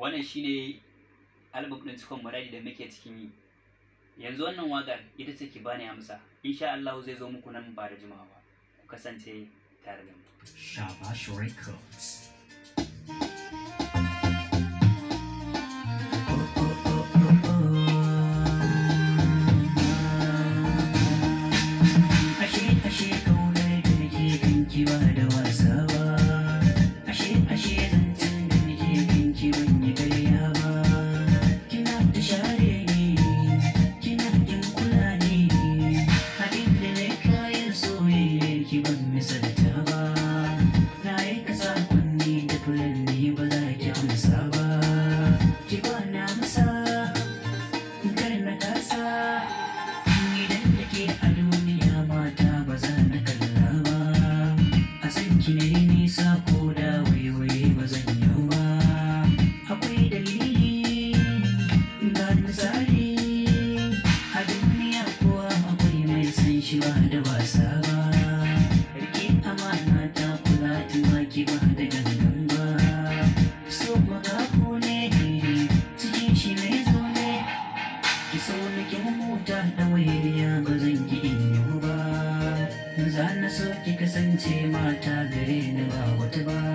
wannan shine album ɗin cikon muradi da muke cikin yi yanzu wannan wagar ita ce ki bani amsa insha Allah zai zo muku nan ba da jimawa ba ku kasance tare da mu Shabash Records Ashe kaunar da ke ganki ba da wasa nisa ko da waiwaye ba zan yau ba akwai dalili ga misali a duniya kuwa akwai mai san shi ba da wasa ba rike amana ta kula tuma ki ba da gangan ba so magako ne cikin shi ne zo ne ki so ki huta da waye so ki kasance mata gare ni ba wata ba